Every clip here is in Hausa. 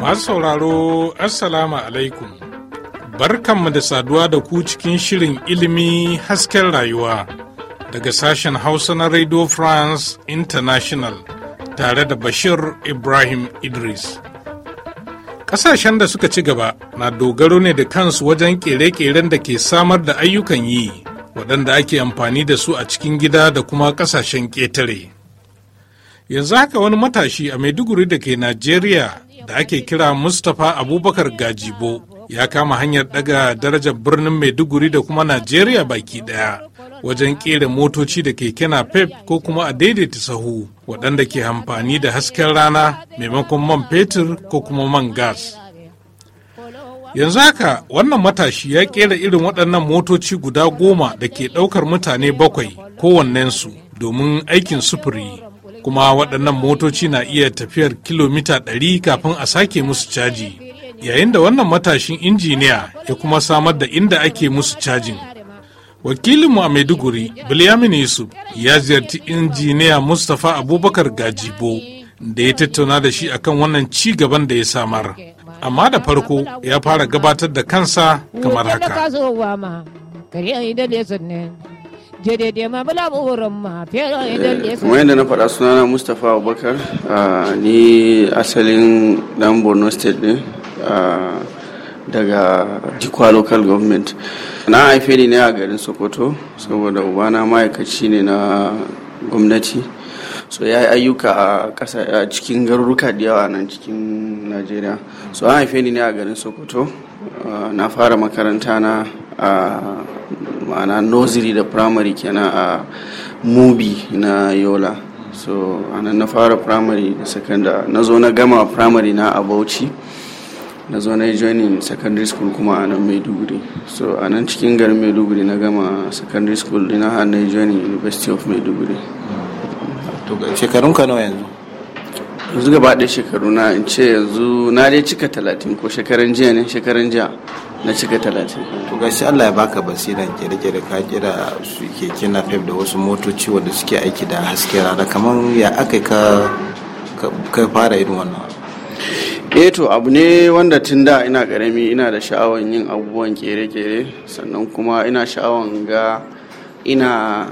Masu sauraro, Assalamu alaikum. Barkanmu da saduwa da ku cikin shirin ilimi hasken rayuwa daga sashen Hausa na Radio France International tare da Bashir Ibrahim Idris. Ƙasashen da suka ci gaba na dogaro ne da kansu wajen ƙere-ƙeren da ke samar da ayyukan yi. waɗanda ake amfani da su a cikin gida da kuma ƙasashen ƙetare. Yanzu haka wani matashi a Maiduguri da ke Najeriya da ake kira Mustapha Abubakar Gajibo ya kama hanyar ɗaga darajar birnin Maiduguri da kuma Najeriya baki ɗaya wajen ƙera motoci da keke pep ko kuma a daidaita sahu waɗanda ke amfani da hasken rana maimakon man fetur ko kuma man gas. yanzu haka wannan matashi ya kera irin waɗannan motoci guda goma da ke ɗaukar mutane bakwai kowannensu domin aikin sufuri kuma waɗannan motoci na iya tafiyar kilomita 100 kafin a sake musu caji yayin da wannan matashin injiniya ya kuma samar da inda ake musu cajin wakilinmu a maiduguri bilyamin yusuf ya ziyarci injiniya mustapha abubakar gajibo da ya tattauna da shi akan wannan ci gaban da ya samar amma da farko ya fara gabatar da kansa kamar haka. kuma eh, yadda na faɗa sunana mustapha abubakar ah, ni asalin dan borno state ne ah, daga jikwa local government na haife ni ne a garin sokoto saboda ubana ma'aikaci ne na gwamnati so ya yi ayyuka a cikin garuruka da yawa nan cikin najeriya so an haife ni ne a garin sokoto uh, na fara makaranta na a ma'ana nursery da primary kenan a mubi na yola so anan na fara primary da secondary na zo na gama primary na a bauchi na zo na yi joining secondary school kuma a nan maiduguri so a nan cikin garin maiduguri na gama secondary school dina na yi joining university of maiduguri shekarun ka nawa yanzu yanzu gaba ɗaya shekaru na in ce yanzu na dai cika talatin ko shekaran jiya ne shekaran jiya na cika talatin to gashi Allah ya baka basiran kere-kere ka kira su keke na da wasu motoci wanda suke aiki da haske rana kamar ya aka ka ka fara irin wannan eh to abu ne wanda tun da ina karami ina da sha'awar yin abubuwan kere-kere sannan kuma ina sha'awar ga ina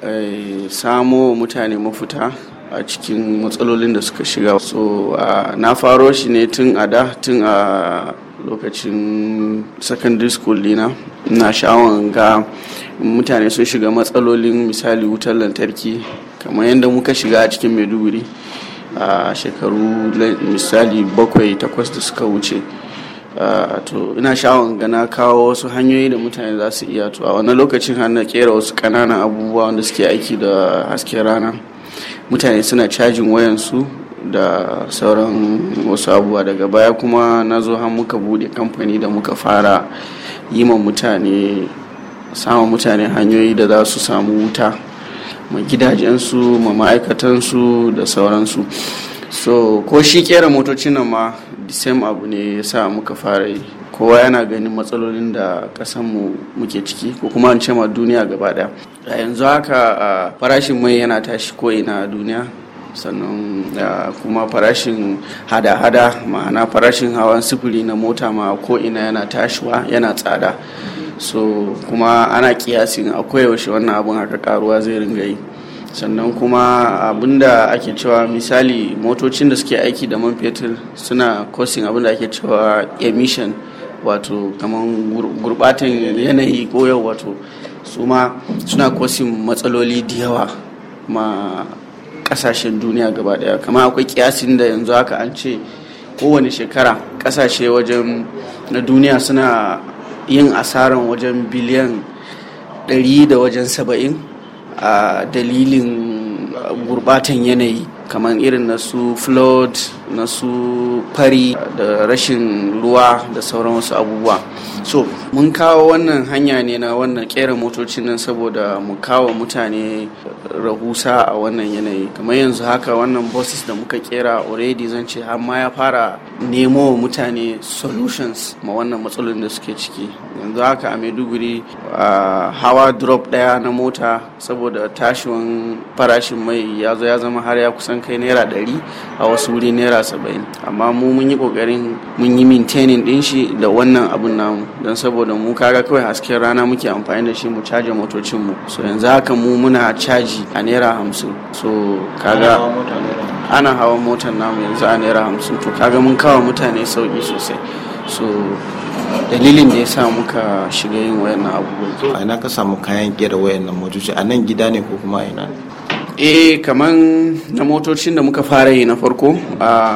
Eh, samo mutane mafuta a cikin matsalolin da suka shiga so na faro shi ne tun a da tun a lokacin secondary school dina na sha'awar ga mutane sun shiga matsalolin misali wutar lantarki kamar yadda muka shiga a cikin maiduguri a shekaru misali bakwai takwas da suka wuce Ah, to ina sha'awar gana kawo wasu hanyoyi da mutane za su iya to a wani lokacin har na kera wasu ƙananan abubuwa wanda suke aiki da hasken rana mutane suna cajin wayansu da sauran wasu abubuwa daga baya kuma na zo har muka bude kamfani da muka fara yi ma mutane samun mutane hanyoyi da za su samu wuta ma gidajensu ma ma'aikatansu da sauransu so ko shi kera motocin nan ma the same abu ne ya sa muka fara yi kowa yana ganin matsalolin da mu muke ciki ko kuma an ce ma duniya gaba daya a yanzu haka farashin mai yana tashi ko ina duniya sannan kuma farashin hada-hada ma'ana farashin hawan sifiri na mota ma ko ina yana tashiwa yana tsada so kuma ana kiyasin akwai yaushe wannan abun haka karuwa zai ringa yi sannan kuma abinda ake cewa misali motocin da suke aiki da man fetur suna causing abinda ake cewa emission wato kamar gurbatan yanayi ko yau wato su ma suna causing matsaloli da yawa ma kasashen duniya gaba daya kama akwai kiyasin da yanzu haka an ce kowane shekara kasashe wajen na duniya suna yin asaran wajen biliyan 100 da wajen saba'in a dalilin gurbatan yanayi kamar irin na su flood na su fari da rashin ruwa da sauran wasu abubuwa so mun kawo wannan hanya ne na wannan kera motocin nan saboda mu kawo mutane rahusa a wannan yanayi kamar yanzu haka wannan bosses da muka kera already zan ce har ma ya fara nemo mutane solutions ma wannan matsalolin da suke ciki yanzu haka a maiduguri a hawa drop daya na mota saboda tashin farashin mai ya zo ya zama har ya kusan kai naira 100 a wasu wuri naira saba'in amma mu mun yi kokarin mun yi maintaining din shi da wannan abun namu don saboda mu kaga kawai hasken rana muke amfani da shi mu caje motocin mu so yanzu haka mu muna caji a naira hamsin so kaga ana hawan motar namu yanzu a naira hamsin to kaga mun kawo mutane sauki sosai so dalilin da ya sa muka shiga yin wayannan abubuwa. a ina ka samu kayan kera wayannan motoci a nan gida ne ko kuma a ina ne eh kaman na motocin da muka fara yi na farko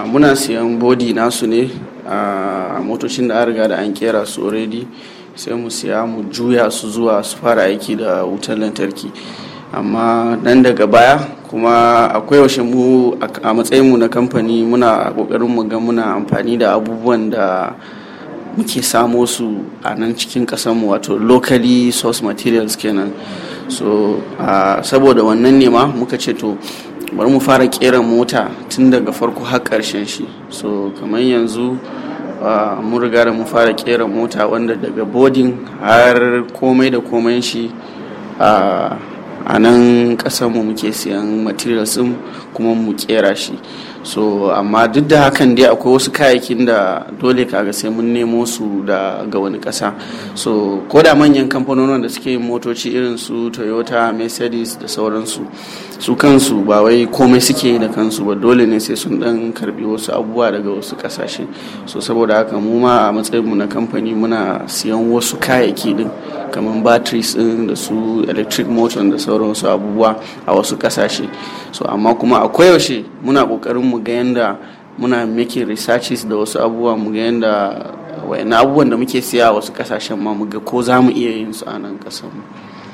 muna siyan bodi nasu ne a motocin da an riga da an kera su already sai mu siya mu juya su zuwa su fara aiki da wutar lantarki amma nan daga baya kuma akwai yaushe mu a matsayinmu na kamfani muna kokarin mu ga muna amfani da abubuwan da muke samo su a nan cikin kasanmu wato locally source materials kenan so saboda wannan nema muka ce to bari mu fara kera mota tun daga farko har karshen shi so kamar yanzu mun riga da mu fara kera mota wanda daga boarding har komai da komai shi a nan mu muke siyan materials kuma mu kera shi so amma duk da hakan dai akwai wasu kayayyakin da dole kaga sai mun nemo su daga wani kasa so ko da manyan kamfanonin da suke yin motoci irin su toyota mercedes da sauransu su kansu ba wai komai suke yi da kansu ba dole ne sai sun dan karbi wasu abubuwa daga wasu kasashe so saboda haka mu ma a matsayinmu na kamfani muna siyan wasu kayayyaki din kamar batteries din da su electric motor da sauran su abubuwa a wasu kasashe so amma kuma a koyaushe muna kokarin mu ga yanda muna make researches da wasu abubuwa mu ga yanda wayannan abubuwan da muke siya a wasu kasashen ma mu ga ko za mu iya yin su a nan kasan mu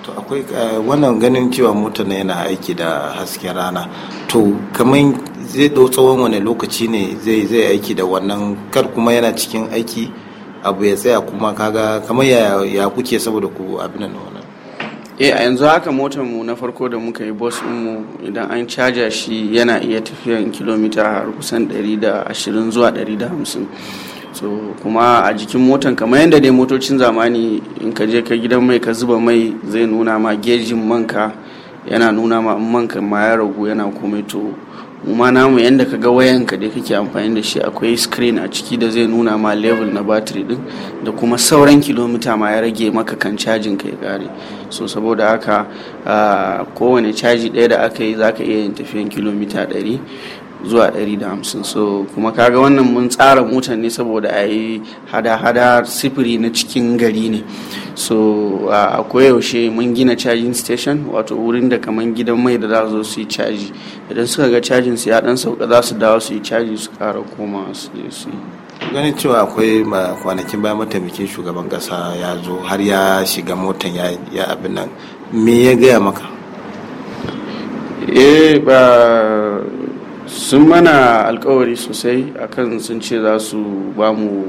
to akwai eh, wannan ganin cewa mota na yana aiki da hasken rana to kamar zai ɗau tsawon wani lokaci ne zai aiki da wannan kar kuma yana cikin aiki abu ya tsaya kuma kaga kamar ya, ya kuke saboda ku abin nan wani. eh a yanzu haka motar mu na farko da muka yi bus mu idan an caja shi yana iya tafiyan kilomita har kusan 120 zuwa 150 so kuma a jikin motan kamar yadda dai motocin zamani in ka je ka gidan mai ka zuba mai zai nuna ma gejin manka yana nuna ma manka ma ya ragu yana komai to mu ma namu yanda ka ga wayan ka da kake amfani da shi akwai screen a ciki da zai nuna ma level na battery din da kuma sauran kilomita ma ya rage maka kan cajin ka ya kare so saboda haka ah, kowane caji ɗaya da aka yi za ka iya yin tafiyan kilomita ɗari zuwa 150 so kuma kaga wannan mun tsara motar ne saboda a yi hada-hada sifiri na cikin gari ne so a koyaushe mun gina charging station wato wurin da kamar gidan mai da za zo su yi caji idan suka ga cajin su ya dan sauka za su dawo su yi caji su kara koma su je su yi ganin cewa akwai kwanakin bayan mataimakin shugaban kasa ya zo har ya shiga motan ya abin nan me ya gaya maka eh ba sun mana alkawari sosai akan sun ce za su ba mu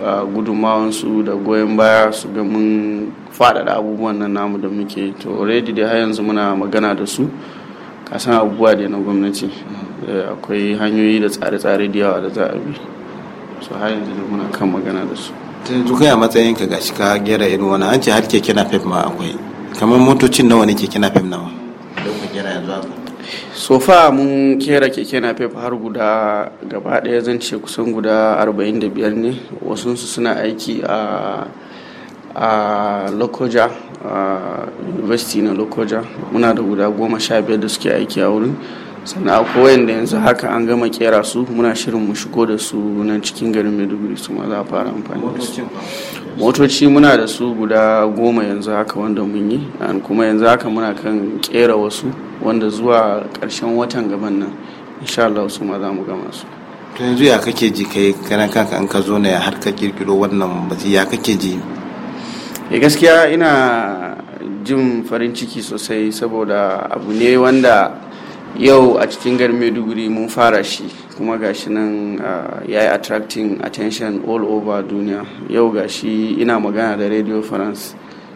gudunmawansu da goyon baya su ga mun faɗaɗa abubuwan nan namu da muke to already dai har yanzu muna magana da su kasan abubuwa da na gwamnati eh, akwai hanyoyi da tsare-tsare da yawa da za a bi su har yanzu da muna kan magana da su tun kai ya matsayin ka gashi ka gera irin wani an ce har ke kina fim ma akwai kamar motocin nawa ne ke kina fim nawa sofa mun kera keke na fef har guda gaba daya zan ce kusan guda 45 ne wasu suna aiki a a lokoja a university na lokoja muna da guda goma sha biyar da suke aiki a wurin sannan akwai wanda yanzu haka an gama kera su muna shirin mu shigo da su nan cikin garin maiduguri su ma za a fara amfani da su motoci muna da su guda goma yanzu haka wanda mun yi kuma yanzu haka muna kan kera wasu wanda zuwa karshen watan gaban nan insha Allah su ma za mu gama su to yanzu ya kake ji kai karan kanka an ka zo na ya har ka kirkiro wannan baji ya kake ji e gaskiya ina jin farin ciki sosai saboda abu ne wanda yau a cikin garin maiduguri mun fara shi kuma gashi nan ah, ya yi attracting attention all over duniya yau gashi ina magana da radio france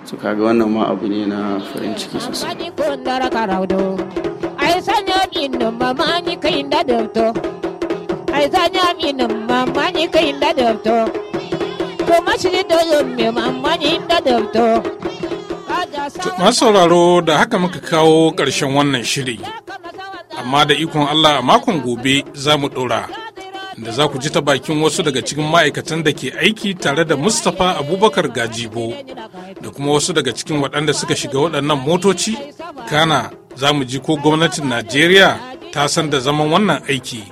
su kaga wannan ma abu ne na farin ciki sosai masu sauraro da haka muka kawo ƙarshen wannan shiri amma da ikon Allah a makon gobe za mu ɗora. Da za ku ji ta bakin wasu daga cikin ma'aikatan da ke aiki tare da Mustapha Abubakar Gajibo da kuma wasu daga cikin waɗanda suka shiga waɗannan motoci, kana za mu ji ko gwamnatin Najeriya ta san da zaman wannan aiki.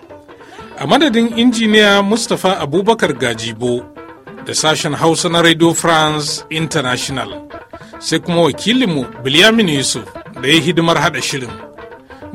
A madadin injiniya Mustapha Abubakar Gajibo da sashen Hausa na Radio France International, sai kuma wakilinmu Bilyamin Yusuf da ya hidimar haɗa shirin.